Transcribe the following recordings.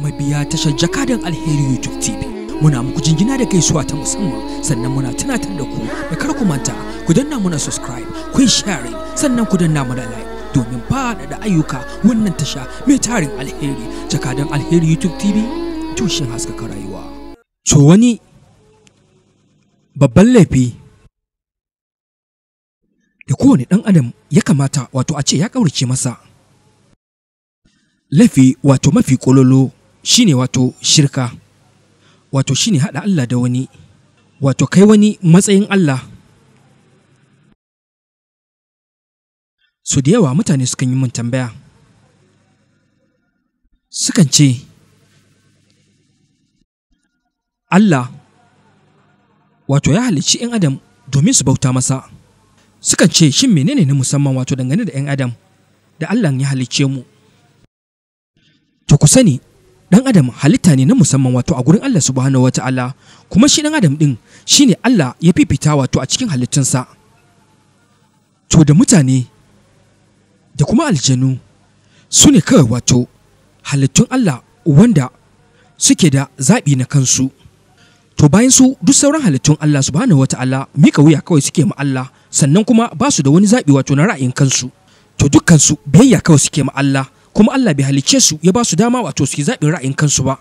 mabiya tashar jakadan alheri youtube tv muna muku jingina da gaisuwa ta musamman sannan muna tunatar da ku da kar ku manta ku danna muna subscribe ku yi sannan ku danna muna like domin faɗaɗa ayyuka wannan tasha mai tarin alheri jakadan alheri youtube tv tushen haskaka rayuwa to wani babban laifi da kowane ɗan adam ya kamata wato a ce ya ƙaurace masa laifi wato mafi ƙololo ne wato shirka wato shine haɗa Allah da wani wato kai wani matsayin Allah su da yawa mutane sukan yi mun tambaya sukan ce Allah wato ya halicci 'yan adam domin su bauta masa sukan ce shin menene na musamman wato dangane da 'yan adam da Allah ya halicce mu to ku sani dan adam halitta ne na musamman wato a gurin Allah subhanahu wataala kuma shi dan adam din shine Allah ya fifita wato a cikin halittunsa to da mutane da kuma aljanu su ne kawai wato halittun Allah wanda suke da zaɓi na kansu to bayan su duk sauran halittun Allah subhanahu wataala mika wuya kawai suke ma Allah sannan kuma ba su da wani zaɓi wato na ra'ayin kansu to dukkansu biyayya kawai suke ma Allah kuma Allah bai halicce su ya ba su dama wato su yi zaɓin ra'ayin kansu ba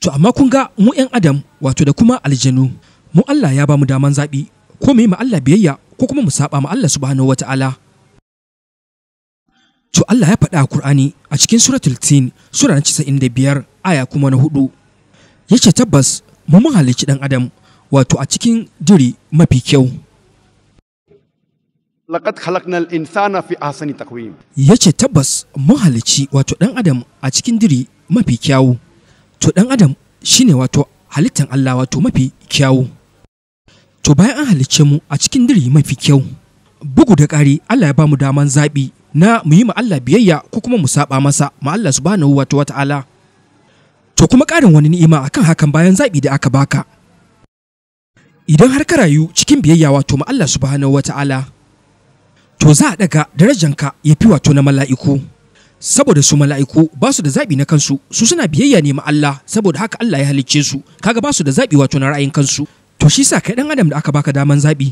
to amma kun ga mu 'yan adam wato da kuma aljanu mu Allah ya ba mu daman zaɓi ko mu yi ma Allah biyayya ko kuma mu saba ma Allah subhanahu wata'ala to Allah ya faɗa a Kur'ani a cikin suratul tin sura na biyar aya kuma na hudu yace tabbas mu mun halicci dan adam wato a cikin diri mafi kyau laqad khalaqnal insana fi ahsani taqwim yace tabbas mahalici wato dan adam a cikin diri mafi kyawu to dan adam shine wato halittan Allah wato mafi kyawu to bayan an halicce mu a cikin diri mafi kyau bugu da ƙari Allah ya ba mu daman zaɓi na mu yi ma Allah biyayya ko kuma mu saba masa ma Allah subhanahu wa ta'ala to kuma ƙarin wani ni'ima akan hakan bayan zaɓi da aka baka idan har ka rayu cikin biyayya wato ma Allah subhanahu wa ta'ala to za a daga darajanka ya fi wato na mala'iku saboda su mala'iku ba su da zaɓi na kansu su suna biyayya ne ma Allah saboda haka Allah ya halicce su kaga ba su da zaɓi wato na ra'ayin kansu to shi sa kai dan adam da aka baka daman zaɓi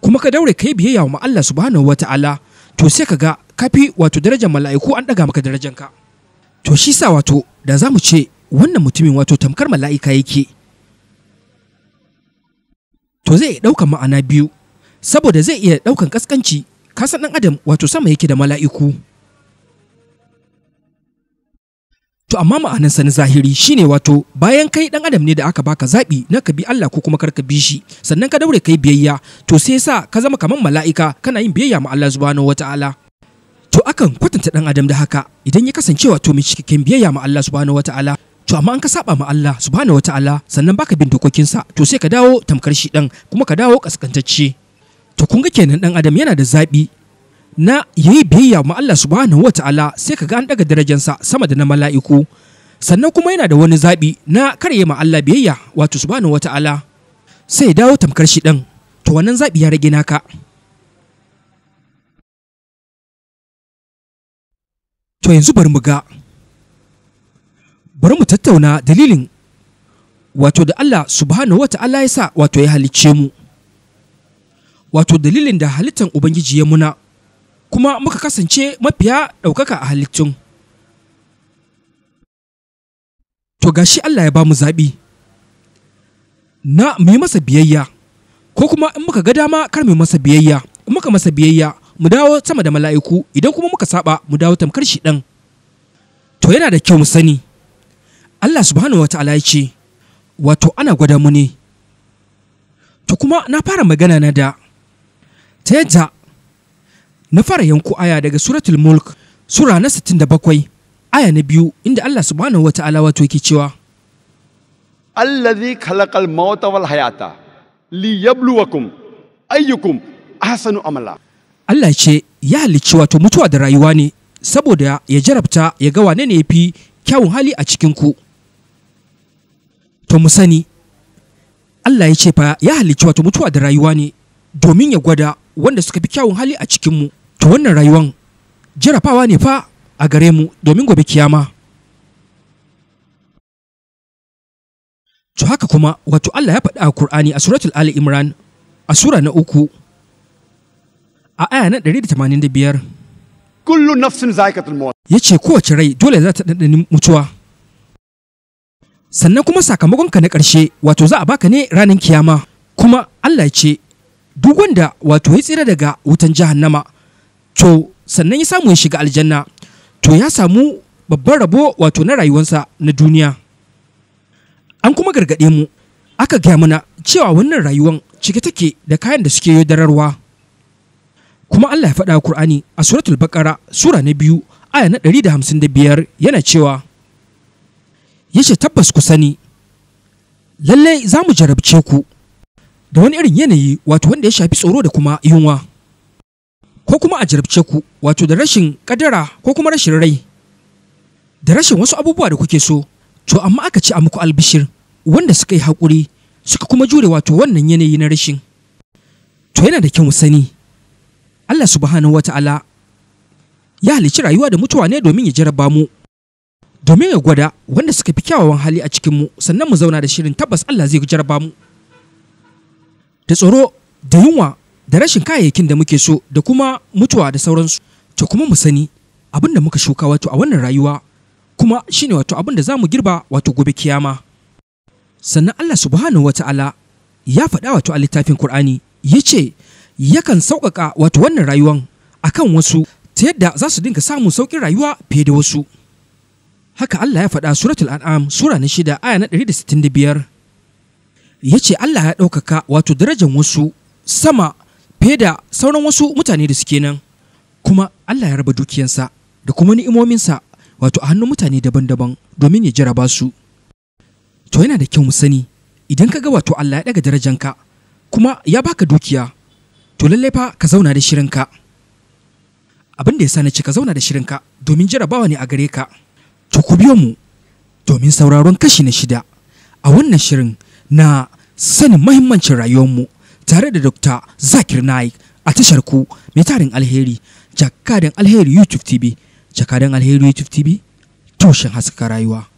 kuma ka daure kai biyayya wa Allah subhanahu wata'ala to sai ka ga kafi wato darajar mala'iku an daga maka darajanka to shi sa wato da za mu ce wannan mutumin wato tamkar mala'ika yake to zai ɗaukan ma'ana biyu saboda zai iya ɗaukan kaskanci kasan ɗan adam wato sama yake da mala'iku to amma ma'anan sa na zahiri ne wato bayan kai ɗan adam ne da aka baka zaɓi na ka bi Allah ko kuma kar ka bi shi sannan ka daure kai biyayya to sai sa ka zama kamar mala'ika kana yin biyayya ma Allah wata ala. to akan kwatanta ɗan adam da haka idan ya kasance wato mai cikakken biyayya ma Allah subhanahu ala, to amma an ka saba ma Allah subhanahu ala sannan baka bin dokokinsa to sai ka dawo tamkar shi ɗan kuma ka dawo ƙasƙantacce. to kun ga kenan dan adam yana da zaɓi na yayi biyayya ma Allah subhanahu wataala sai kaga an daga darajarsa sama da na mala'iku sannan kuma yana da wani zaɓi na karye ma Allah biyayya wato subhanahu wataala sai dawo tamkar shi ɗan to wannan zaɓi ya rage naka to yanzu bari mu ga bari mu tattauna dalilin wato da Allah subhanahu wataala ya sa wato ya halicce mu wato dalilin da halittar ubangiji ya muna kuma muka kasance mafiya ɗaukaka a halittun to gashi Allah ya ba mu zaɓi na mu masa biyayya ko kuma in muka ga dama kar mu masa biyayya in muka masa biyayya mu dawo sama da mala'iku idan kuma muka saba mu dawo tamkar shi ɗan to yana da kyau mu sani Allah subhanahu wata'ala ya ce wato ana gwada mu ne to kuma na fara magana na da teja na fara yanku aya daga suratul mulk sura na 67 aya na biyu inda Allah subhanahu wa ta'ala wato yake cewa allazi khalaqal mauta wal hayata liyabluwakum ayyukum ahsanu amala Allah ce ya halicci wato mutuwa da rayuwa ne saboda ya jarabta ya ga wane ne yafi kyawun hali a cikin ku to mu sani Allah ya ce fa ya halicci wato mutuwa da rayuwa ne domin ya gwada wanda suka fi kyawun hali a cikinmu to wannan rayuwan jarafawa ne fa a gare mu domin gobe kiyama to haka kuma wato Allah ya faɗi a ƙur'ani a suratul Ali Imran a sura na uku a aya na 185 kullu nafsin zaikatul maut yace kowace rai dole za ta dandani mutuwa sannan kuma sakamakonka na ƙarshe wato za a baka ne ranar kiyama kuma Allah ya ce duk wanda wato ya tsira daga wutan jahannama to sannan ya samu ya shiga aljanna to ya samu babban rabo wato na rayuwarsa na duniya an kuma gargaɗe mu aka gaya mana cewa wannan rayuwan cike take da kayan da suke yaudararwa. kuma Allah ya faɗa Kur'ani a suratul bakara sura na biyu aya na ɗari da hamsin biyar yana cewa yace tabbas ku sani lallai za mu jarabce ku da wani irin yanayi wato wanda ya shafi tsoro da kuma yunwa ko kuma a jarabce ku wato da rashin kadara ko kuma rashin rai da rashin wasu abubuwa da kuke so to amma aka ce a muku albishir wanda suka yi haƙuri suka kuma jure wato wannan yanayi na rashin to yana da kyau sani Allah subhanahu wata'ala ya halici rayuwa da mutuwa ne domin ya jaraba mu domin ya gwada wanda suka fi kyawawan hali a cikin mu sannan mu zauna da shirin tabbas Allah zai jaraba mu da tsoro, da yunwa da rashin kayayyakin da muke so da kuma mutuwa da sauransu to kuma mu sani abin da muka shuka wato a wannan rayuwa kuma shine wato abin da za mu girba wato gobe kiyama sannan Allah subhanahu wata'ala ya faɗa wato a littafin Kur'ani ya ce yakan sauƙaƙa wato wannan rayuwan akan wasu ta yadda za su dinga samun sauƙin rayuwa fiye da wasu haka Allah ya faɗa suratul an'am sura na shida aya na 165 ya ce Allah ya ɗaukaka wato darajar wasu sama fiye da sauran wasu mutane da suke nan kuma Allah ya raba dukiyansa da kuma ni'imominsa wato a hannun mutane daban-daban domin ya jaraba su to yana da kyau mu sani idan ka ga wato Allah ya ɗaga darajanka kuma ya baka dukiya to lallai fa ka zauna da shirinka abin da ya sa na ce ka zauna da shirinka domin jarabawa ne a gare ka to ku biyo mu domin sauraron kashi na shida a wannan shirin na sanin mahimmancin rayuwarmu tare da Dr. Zakir Naik a tashar ku mai tarin alheri jakadan alheri YouTube TV jakadan alheri YouTube TV tushen haskaka rayuwa